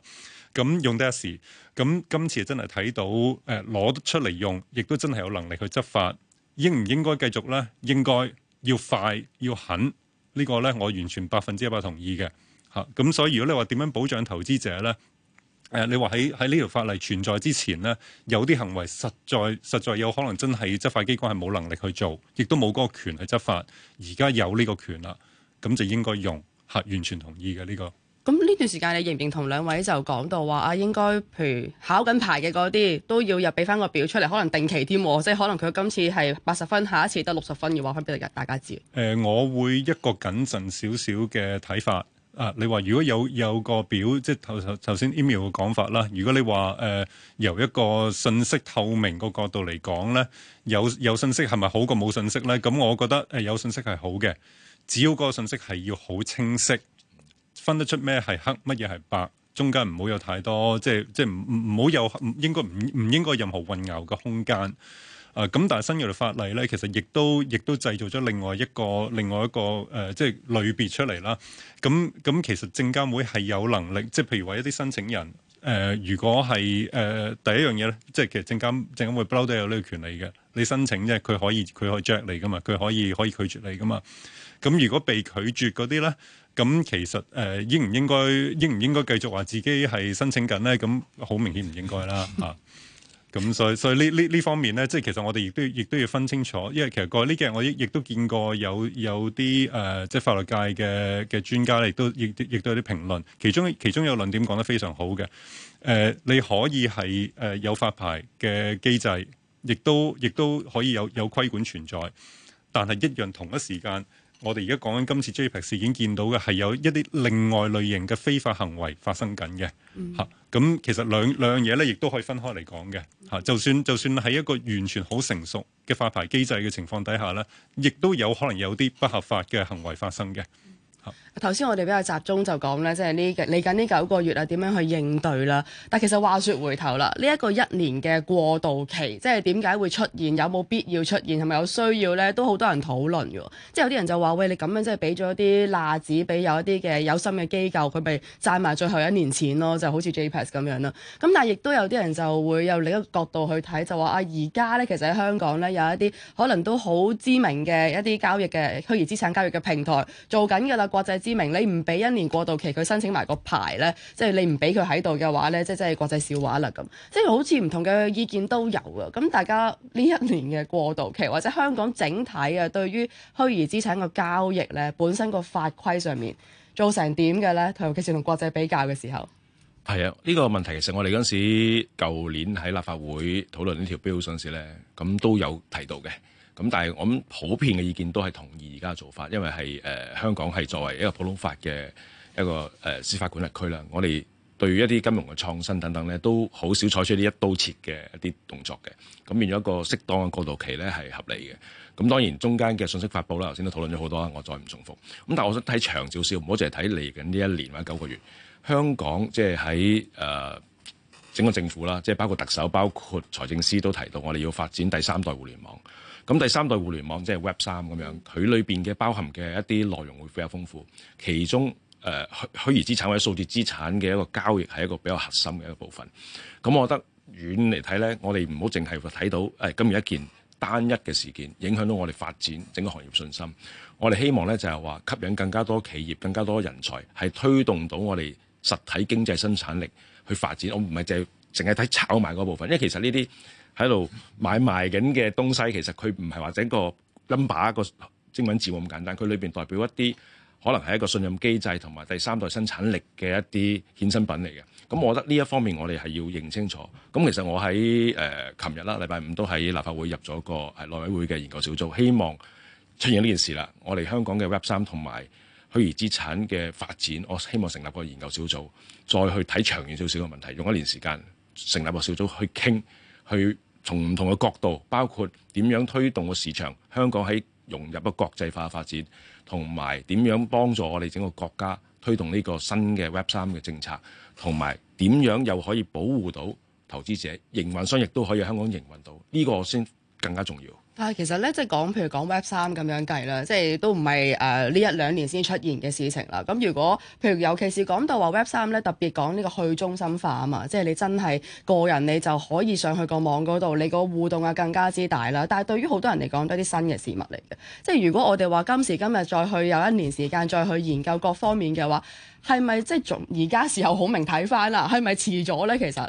咁用得一時，咁今次真係睇到誒，攞出嚟用，亦都真係有能力去執法。應唔應該繼續咧？應該要快要狠，呢個咧我完全百分之一百同意嘅。吓，咁所以如果你話點樣保障投資者咧？誒，你話喺喺呢條法例存在之前咧，有啲行為實在實在有可能真係執法機關係冇能力去做，亦都冇嗰個權去執法。而家有呢個權啦，咁就應該用吓，完全同意嘅呢個。咁呢段時間你認唔認同兩位就講到話啊？應該譬如考緊牌嘅嗰啲都要入俾翻個表出嚟，可能定期添，即係可能佢今次係八十分，下一次得六十分嘅話，翻俾大家知。誒、呃，我會一個謹慎少少嘅睇法啊！你話如果有有個表，即係頭頭頭先 email 嘅講法啦。如果你話誒、呃、由一個信息透明個角度嚟講咧，有有信息係咪好過冇信息咧？咁我覺得誒有信息係好嘅，只要嗰個信息係要好清晰。分得出咩係黑，乜嘢係白，中間唔好有太多，即係即係唔唔好有，應該唔唔應該任何混淆嘅空間。啊、呃，咁但係新嘅律法例咧，其實亦都亦都製造咗另外一個另外一個誒，即係類別出嚟啦。咁咁其實證監會係有能力，即係譬如話一啲申請人誒，如果係誒第一樣嘢咧，即係其實證監證監會不嬲都有呢個權利嘅，你申請啫，佢可以佢可以 reject 你噶嘛，佢可以可以拒絕你噶嘛。咁如果被拒絕嗰啲咧？咁其實誒、呃，應唔應該，應唔應該繼續話自己係申請緊呢？咁好明顯唔應該啦嚇。咁、 啊、所以所以呢呢呢方面呢，即係其實我哋亦都亦都要分清楚，因為其實過呢幾日我亦亦都見過有有啲誒、呃，即係法律界嘅嘅專家亦都亦亦都有啲評論，其中其中有論點講得非常好嘅。誒、呃，你可以係誒、呃、有發牌嘅機制，亦都亦都可以有有規管存在，但係一樣同一時間。我哋而家講緊今次 JPEX 事件已經見到嘅係有一啲另外類型嘅非法行為發生緊嘅，嚇咁、嗯啊、其實兩兩樣嘢咧，亦都可以分開嚟講嘅，嚇、啊、就算就算喺一個完全好成熟嘅發牌機制嘅情況底下呢，亦都有可能有啲不合法嘅行為發生嘅。頭先我哋比較集中就講咧，即係呢嚟緊呢九個月啊，點樣去應對啦？但係其實話説回頭啦，呢一個一年嘅過渡期，即係點解會出現，有冇必要出現，係咪有需要咧？都好多人討論㗎，即係有啲人就話：喂，你咁樣即係俾咗啲辣子俾有一啲嘅有心嘅機構，佢咪賺埋最後一年錢咯？就好似 JPEX 咁樣啦。咁但係亦都有啲人就會有另一個角度去睇，就話啊，而家咧其實喺香港咧有一啲可能都好知名嘅一啲交易嘅虛擬資產交易嘅平台做緊㗎啦。國際知名，你唔俾一年過渡期，佢申請埋個牌呢，即係你唔俾佢喺度嘅話呢，即係真係國際笑話啦咁。即係好似唔同嘅意見都有啊。咁大家呢一年嘅過渡期，或者香港整體啊，對於虛擬資產嘅交易呢，本身個法規上面做成點嘅呢？尤其是同國際比較嘅時候，係啊，呢個問題其實我哋嗰陣時舊年喺立法會討論呢條 Bill 時咧，咁都有提到嘅。咁，但係我哋普遍嘅意見都係同意而家嘅做法，因為係誒、呃、香港係作為一個普通法嘅一個誒、呃、司法管轄區啦。我哋對於一啲金融嘅創新等等咧，都好少採取啲一,一刀切嘅一啲動作嘅。咁變咗一個適當嘅過渡期咧，係合理嘅。咁當然中間嘅信息發布啦，頭先都討論咗好多，我再唔重複。咁但係我想睇長少少，唔好淨係睇嚟緊呢一年或者九個月。香港即係喺誒整個政府啦，即係包括特首、包括財政司都提到，我哋要發展第三代互聯網。咁第三代互聯網即係 Web 三咁樣，佢裏邊嘅包含嘅一啲內容會比較豐富，其中誒虛、呃、虛擬資產或者數字資產嘅一個交易係一個比較核心嘅一個部分。咁、嗯、我覺得遠嚟睇呢，我哋唔好淨係睇到誒、哎、今日一件單一嘅事件影響到我哋發展整個行業信心。我哋希望呢，就係、是、話吸引更加多企業、更加多人才，係推動到我哋實體經濟生產力去發展。我唔係淨淨係睇炒賣嗰部分，因為其實呢啲，喺度買賣緊嘅東西，其實，佢唔係話整個 number 個英文字母咁簡單，佢裏邊代表一啲可能係一個信任機制同埋第三代生產力嘅一啲衍生品嚟嘅。咁我覺得呢一方面我哋係要認清楚。咁其實我，我喺誒琴日啦，禮拜五都喺立法會入咗個誒內委會嘅研究小組，希望出現呢件事啦，我哋香港嘅 Web 三同埋虛擬資產嘅發展，我希望成立個研究小組，再去睇長遠少少嘅問題，用一年時間成立個小組去傾去。從唔同嘅角度，包括點樣推動個市場，香港喺融入一個國際化嘅發展，同埋點樣幫助我哋整個國家推動呢個新嘅 Web 三嘅政策，同埋點樣又可以保護到投資者，營運商亦都可以香港營運到呢個先更加重要。但係、啊、其實咧、就是，即係講譬如講 Web 三咁樣計啦，即係都唔係誒呢一兩年先出現嘅事情啦。咁如果譬如尤其是講到話 Web 三咧，特別講呢個去中心化啊嘛，即係你真係個人你就可以上去個網嗰度，你個互動啊更加之大啦。但係對於好多人嚟講都係啲新嘅事物嚟嘅。即係如果我哋話今時今日再去有一年時間再去研究各方面嘅話，係咪即係從而家時候好明睇返啦？係咪遲咗咧？其實？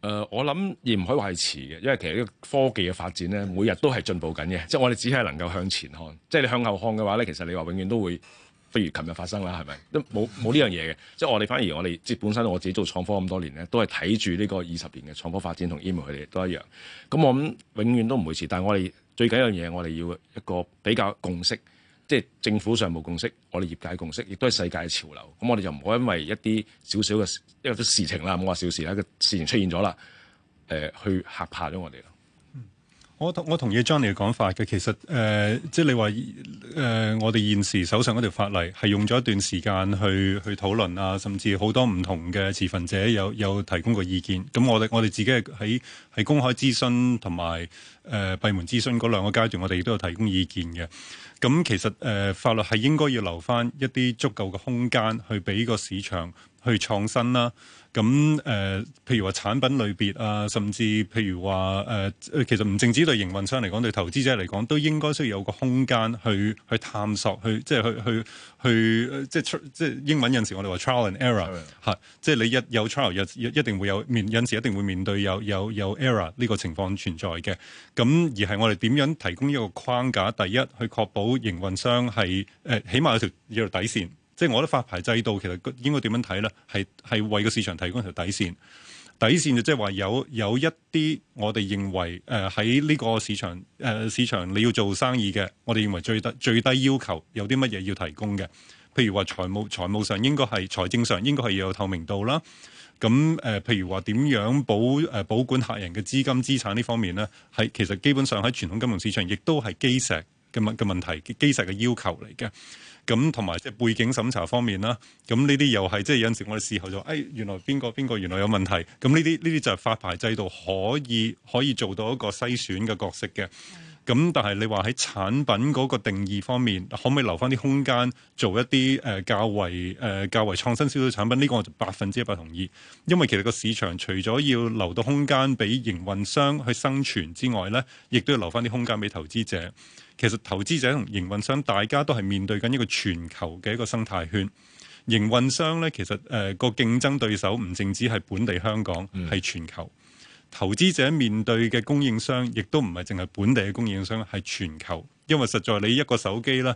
誒、呃，我諗而唔可以話係遲嘅，因為其實呢個科技嘅發展咧，每日都係進步緊嘅。即係我哋只係能夠向前看，即係你向後看嘅話咧，其實你話永遠都會不如琴日發生啦，係咪？都冇冇呢樣嘢嘅。 即係我哋反而我哋即本身我自己做創科咁多年咧，都係睇住呢個二十年嘅創科發展同 email 佢哋都一樣。咁我諗永遠都唔會遲，但係我哋最緊要一樣嘢，我哋要一個比較共識。即係政府上冇共識，我哋業界共識亦都係世界潮流。咁我哋就唔好因為一啲小小嘅因為啲事情啦，冇話小事啦，個事情出現咗啦，誒、呃、去吓怕咗我哋啦、嗯。我同我同意 Johnny 嘅講法嘅。其實誒、呃、即係你話誒、呃、我哋現時手上嗰條法例係用咗一段時間去去討論啊，甚至好多唔同嘅持份者有有提供過意見，咁我哋我哋自己喺喺公開諮詢同埋誒閉門諮詢嗰兩個階段，我哋亦都有提供意見嘅。咁其實誒、呃、法律係應該要留翻一啲足夠嘅空間，去俾個市場。去創新啦，咁誒、呃，譬如話產品類別啊，甚至譬如話誒、呃，其實唔淨止對營運商嚟講， 對投資者嚟講，都應該需要有個空間去去探索，去即係去去去，即係出即係英文有時我哋話 trial and error，係， 即係你一有 trial 日一定會有面，有時一定會面對有有有 error 呢個情況存在嘅。咁而係我哋點樣提供一個框架？第一，去確保營運商係誒、呃，起碼有條有條底線。 即係我覺得發牌制度其實應該點樣睇呢？係係為個市場提供條底線，底線就即係話有有一啲我哋認為誒喺呢個市場誒、呃、市場你要做生意嘅，我哋認為最低最低要求有啲乜嘢要提供嘅？譬如話財務財務上應該係財政上應該係要有透明度啦。咁誒，譬、呃、如話點樣保誒、呃、保管客人嘅資金資產呢方面呢？係其實基本上喺傳統金融市場亦都係基石嘅問嘅問題，基石嘅要求嚟嘅。咁同埋即係背景審查方面啦，咁呢啲又係即係有陣時我哋事後就誒、哎、原來邊個邊個原來有問題，咁呢啲呢啲就係發牌制度可以可以做到一個篩選嘅角色嘅。咁、嗯、但係你話喺產品嗰個定義方面，可唔可以留翻啲空間做一啲誒、呃、較為誒、呃、較為創新少少產品？呢、呢個我就百分之一百同意，因為其實個市場除咗要留到空間俾營運商去生存之外呢，亦都要留翻啲空間俾投資者。其實投資者同營運商大家都係面對緊一個全球嘅一個生態圈，營運商呢，其實誒個、呃、競爭對手唔淨止係本地香港，係、嗯、全球；投資者面對嘅供應商亦都唔係淨係本地嘅供應商，係全球。因為實在你一個手機啦，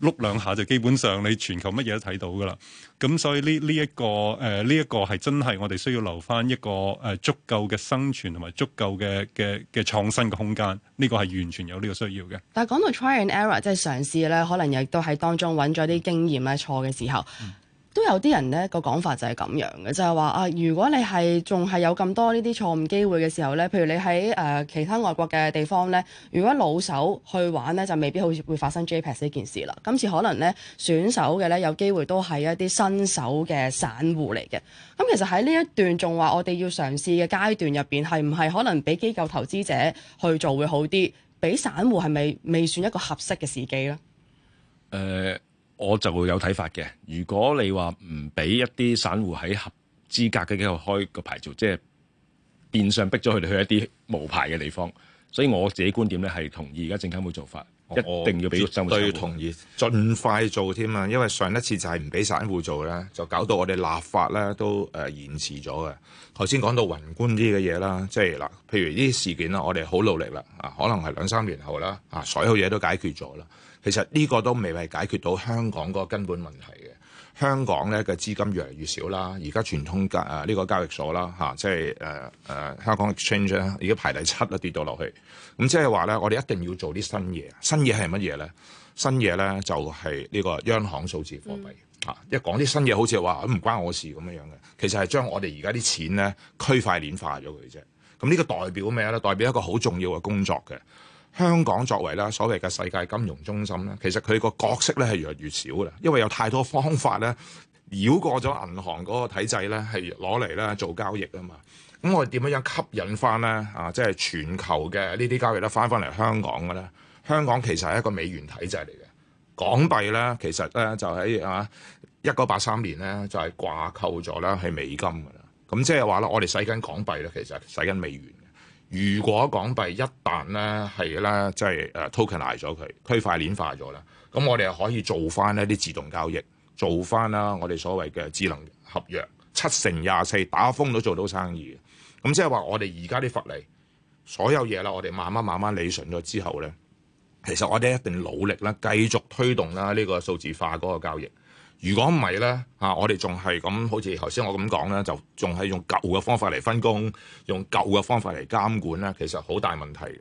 碌兩下就基本上你全球乜嘢都睇到㗎喇，咁所以呢呢一個誒呢、呃、一個係真係我哋需要留返一個誒足夠嘅生存同埋足夠嘅嘅嘅創新嘅空間，呢、這個係完全有呢個需要嘅。但係講到 try and error，即係嘗試呢，可能亦都喺當中揾咗啲經驗啊錯嘅時候。嗯都有啲人咧個講法就係咁樣嘅，就係、是、話啊，如果你係仲係有咁多呢啲錯誤機會嘅時候呢，譬如你喺誒、呃、其他外國嘅地方呢，如果老手去玩呢，就未必會會發生 JPEX 呢件事啦。今次可能呢選手嘅呢，有機會都係一啲新手嘅散戶嚟嘅。咁、嗯、其實喺呢一段仲話，我哋要嘗試嘅階段入邊，係唔係可能俾機構投資者去做會好啲？俾散戶係咪未，未算一個合適嘅時機呢？誒、uh。我就會有睇法嘅。如果你話唔俾一啲散戶喺合資格嘅機構開個牌照，即係變相逼咗佢哋去一啲無牌嘅地方，所以我自己觀點咧係同意而家證監會做法，一定要俾執執。對，同意，盡快做添啊！因為上一次就係唔俾散戶做啦，就搞到我哋立法咧都誒延遲咗嘅。頭先講到宏觀啲嘅嘢啦，即係嗱，譬如呢啲事件啦，我哋好努力啦，啊，可能係兩三年後啦，啊，所有嘢都解決咗啦。其實呢個都未係解決到香港個根本問題嘅。香港咧嘅資金越嚟越少啦，而家傳統交啊呢個交易所啦嚇，即係誒誒香港 exchange 啦，已經排第七啦，跌到落去。咁即係話咧，我哋一定要做啲新嘢。新嘢係乜嘢咧？新嘢咧就係呢個央行數字貨幣嚇。一講啲新嘢，好似話唔關我事咁樣樣嘅，其實係將我哋而家啲錢咧區塊鏈化咗佢啫。咁呢個代表咩咧？代表一個好重要嘅工作嘅。香港作為啦所謂嘅世界金融中心咧，其實佢個角色咧係越嚟越少啦，因為有太多方法咧繞過咗銀行嗰個體制咧，係攞嚟咧做交易啊嘛。咁我哋點樣樣吸引翻咧啊？即係全球嘅呢啲交易咧，翻翻嚟香港嘅咧？香港其實係一個美元體制嚟嘅，港幣咧其實咧就喺啊一九八三年咧就係掛鈎咗啦係美金嘅啦。咁即係話咧，我哋使緊港幣咧，其實、就是就是、使緊美元。如果港幣一旦咧係咧即係誒 tokenize 咗佢，區塊鏈化咗啦，咁我哋又可以做翻呢啲自動交易，做翻啦我哋所謂嘅智能合約，七成廿四打風都做到生意。咁即係話我哋而家啲法例，所有嘢啦，我哋慢慢慢慢理順咗之後咧，其實我哋一定努力啦，繼續推動啦呢個數字化嗰個交易。如果唔係咧，嚇、啊、我哋仲係咁，好似頭先我咁講咧，就仲係用舊嘅方法嚟分工，用舊嘅方法嚟監管咧，其實好大問題嘅。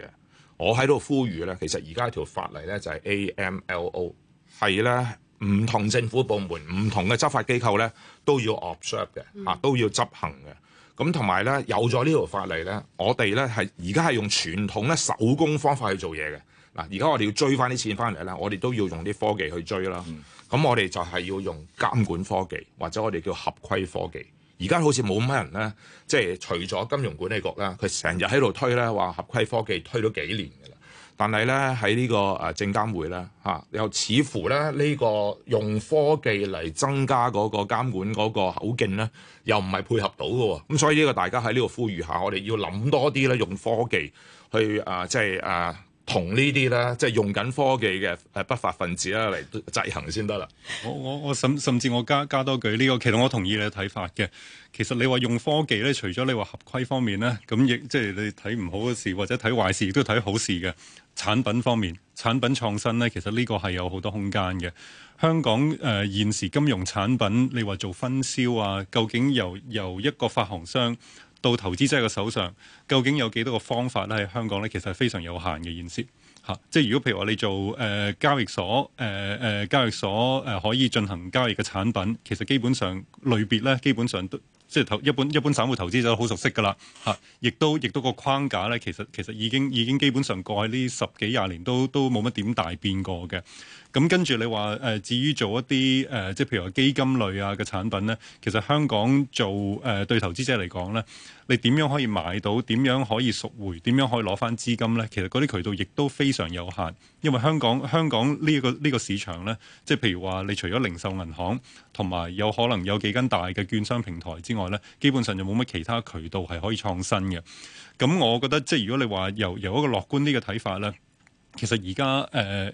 我喺度呼籲咧，其實而家條法例咧就係、是、AMLO 係咧唔同政府部門、唔同嘅執法機構咧都要 observe 嘅，嚇、啊、都要執行嘅。咁同埋咧有咗呢條法例咧，我哋咧係而家係用傳統咧手工方法去做嘢嘅。嗱、啊，而家我哋要追翻啲錢翻嚟啦，我哋都要用啲科技去追啦。嗯咁我哋就係要用監管科技，或者我哋叫合規科技。而家好似冇乜人咧，即係除咗金融管理局咧，佢成日喺度推咧話合規科技推咗幾年噶啦。但係咧喺呢、呢個誒、呃、證監會咧嚇、啊，又似乎咧呢、呢個用科技嚟增加嗰個監管嗰個口徑咧，又唔係配合到嘅喎。咁所以呢個大家喺呢度呼籲下，我哋要諗多啲咧，用科技去啊、呃，即係啊。呃同呢啲咧，即係用緊科技嘅不法分子啦嚟執行先得啦。我我我甚甚至我加加多句呢個，其實我同意你嘅睇法嘅。其實你話用科技咧，除咗你話合規方面呢，咁亦即係你睇唔好嘅事，或者睇壞事，亦都睇好事嘅產品方面，產品創新咧，其實呢個係有好多空間嘅。香港誒、呃、現時金融產品，你話做分銷啊，究竟由由一個發行商到投資者嘅手上，究竟有幾多個方法咧？喺香港呢，其實係非常有限嘅現實嚇、啊。即係如果譬如話你做誒、呃、交易所，誒、呃、誒交易所誒、呃呃、可以進行交易嘅產品，其實基本上類別呢，基本上都即係投一般一般散戶投資者都好熟悉噶啦嚇。亦、啊、都亦都個框架呢，其實其實已經已經基本上過去呢十幾廿年都都冇乜點大變過嘅。咁跟住你話誒、呃，至於做一啲誒，即、呃、係譬如話基金類啊嘅產品呢，其實香港做誒、呃、對投資者嚟講呢，你點樣可以買到？點樣可以贖回？點樣可以攞翻資金呢？其實嗰啲渠道亦都非常有限，因為香港香港呢、個、一個呢、個個市場呢，即係譬如話，你除咗零售銀行同埋有可能有幾間大嘅券商平台之外呢，基本上就冇乜其他渠道係可以創新嘅。咁、嗯、我覺得即係如果你話由由一個樂觀呢個睇法呢。其實而家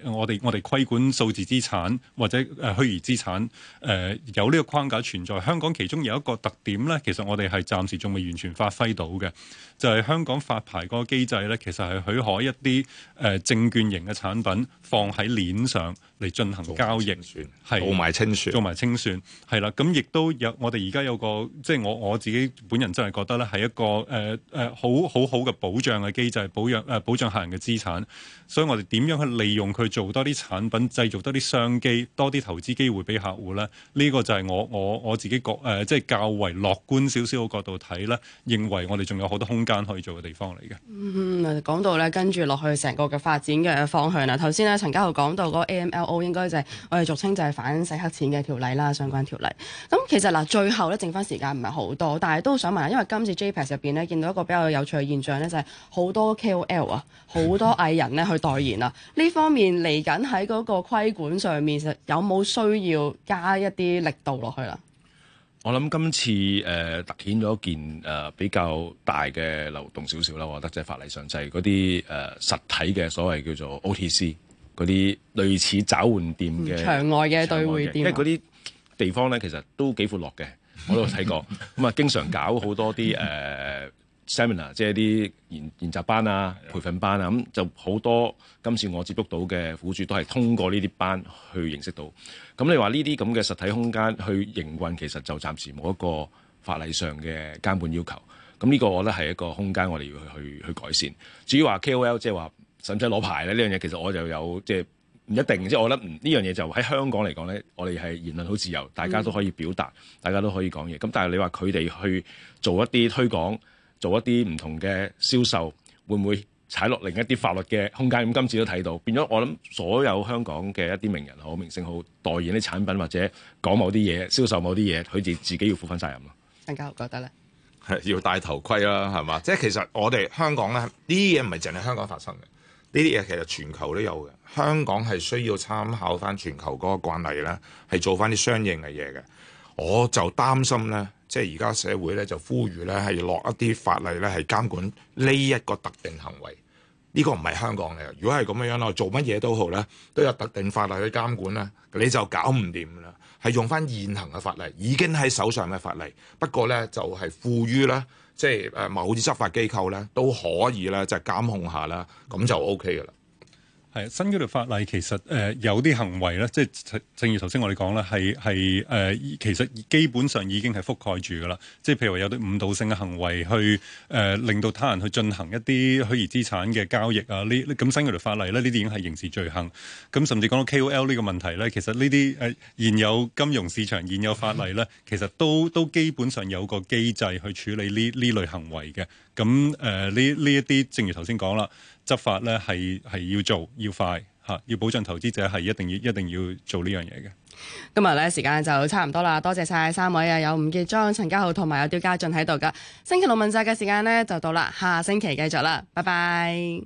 誒，我哋我哋規管數字資產或者誒虛擬資產誒、呃，有呢個框架存在。香港其中有一個特點咧，其實我哋係暫時仲未完全發揮到嘅，就係、是、香港發牌嗰個機制咧，其實係許可一啲誒、呃、證券型嘅產品放喺鏈上。嚟進行交易，做埋清算，做埋清算，係啦。咁亦都有我哋而家有個，即係我我自己本人真係覺得咧，係一個誒誒好好好嘅保障嘅機制，保養誒保障客人嘅資產。所以我哋點樣去利用佢做多啲產品，製造多啲商機，多啲投資機會俾客戶咧？呢個就係我我我自己個誒，即係較為樂觀少少嘅角度睇咧，認為我哋仲有好多空間可以做嘅地方嚟嘅。嗯，講到咧，跟住落去成個嘅發展嘅方向啦。頭先咧，陳家豪講到嗰 AML。應該就係我哋俗稱就係反洗黑錢嘅條例啦，相關條例。咁其實嗱，最後咧剩翻時間唔係好多，但係都想問下，因為今次 JPEX 入邊咧見到一個比較有趣嘅現象咧，就係、是、好多 KOL 啊，好多藝人咧去代言啦、啊。呢 方面嚟緊喺嗰個規管上面，係有冇需要加一啲力度落去啦？我諗今次誒突、呃、顯咗一件誒、呃、比較大嘅漏洞少少啦，我覺得即係法例上就係嗰啲誒實體嘅所謂叫做 OTC。嗰啲類似找換店嘅場外嘅對換店，即係嗰啲地方咧其實都幾闊落嘅， 我都有睇過。咁啊，經常搞好多啲誒、uh, seminar，即係啲研研習班啊、培訓班啊，咁、 嗯、就好多。今次我接觸到嘅苦主都係通過呢啲班去認識到。咁你話呢啲咁嘅實體空間去營運，其實就暫時冇一個法例上嘅監管要求。咁呢個我覺得係一個空間，我哋要去去改善。至於話 KOL，即係話，使唔使攞牌呢？呢樣嘢其實我就有即係唔一定，即係我諗呢樣嘢就喺香港嚟講呢，我哋係言論好自由，大家都可以表達，嗯、大家都可以講嘢。咁但係你話佢哋去做一啲推廣，做一啲唔同嘅銷售，會唔會踩落另一啲法律嘅空間？咁今次都睇到變咗，我諗所有香港嘅一啲名人好、明星好，代言啲產品或者講某啲嘢、銷售某啲嘢，佢哋自己要負返責任咯。能夠覺得呢，要戴頭盔啦，係嘛？即係其實我哋香港呢，呢啲嘢唔係淨係香港發生嘅。呢啲嘢其實全球都有嘅，香港係需要參考翻全球嗰個慣例咧，係做翻啲相應嘅嘢嘅。我就擔心呢，即係而家社會咧就呼籲咧係落一啲法例咧係監管呢一個特定行為。呢、這個唔係香港嘅。如果係咁樣咧，做乜嘢都好咧，都有特定法例去監管啦，你就搞唔掂啦。係用翻現行嘅法例，已經喺手上嘅法例，不過呢，就係、是、賦予啦。即係誒，某啲執法機構咧都可以咧，就監控下啦，咁就 O K 嘅啦。係新嗰條法例其實誒、呃、有啲行為咧，即係正如頭先我哋講啦，係係誒其實基本上已經係覆蓋住噶啦。即係譬如話有啲誤導性嘅行為去，去、呃、誒令到他人去進行一啲虛擬資產嘅交易啊，呢咁新嗰條法例咧，呢啲已經係刑事罪行。咁甚至講到 KOL 呢個問題咧，其實呢啲誒現有金融市場現有法例咧，其實都都基本上有個機制去處理呢呢類行為嘅。咁誒呢呢一啲，正如頭先講啦。執法咧，係係要做，要快吓，要保障投資者係一定要一定要做呢樣嘢嘅。今日咧時間就差唔多啦，多謝晒三位啊，有吳傑莊、陳家豪同埋有刁家駿喺度噶。星期六問責嘅時間咧就到啦，下星期繼續啦，拜拜。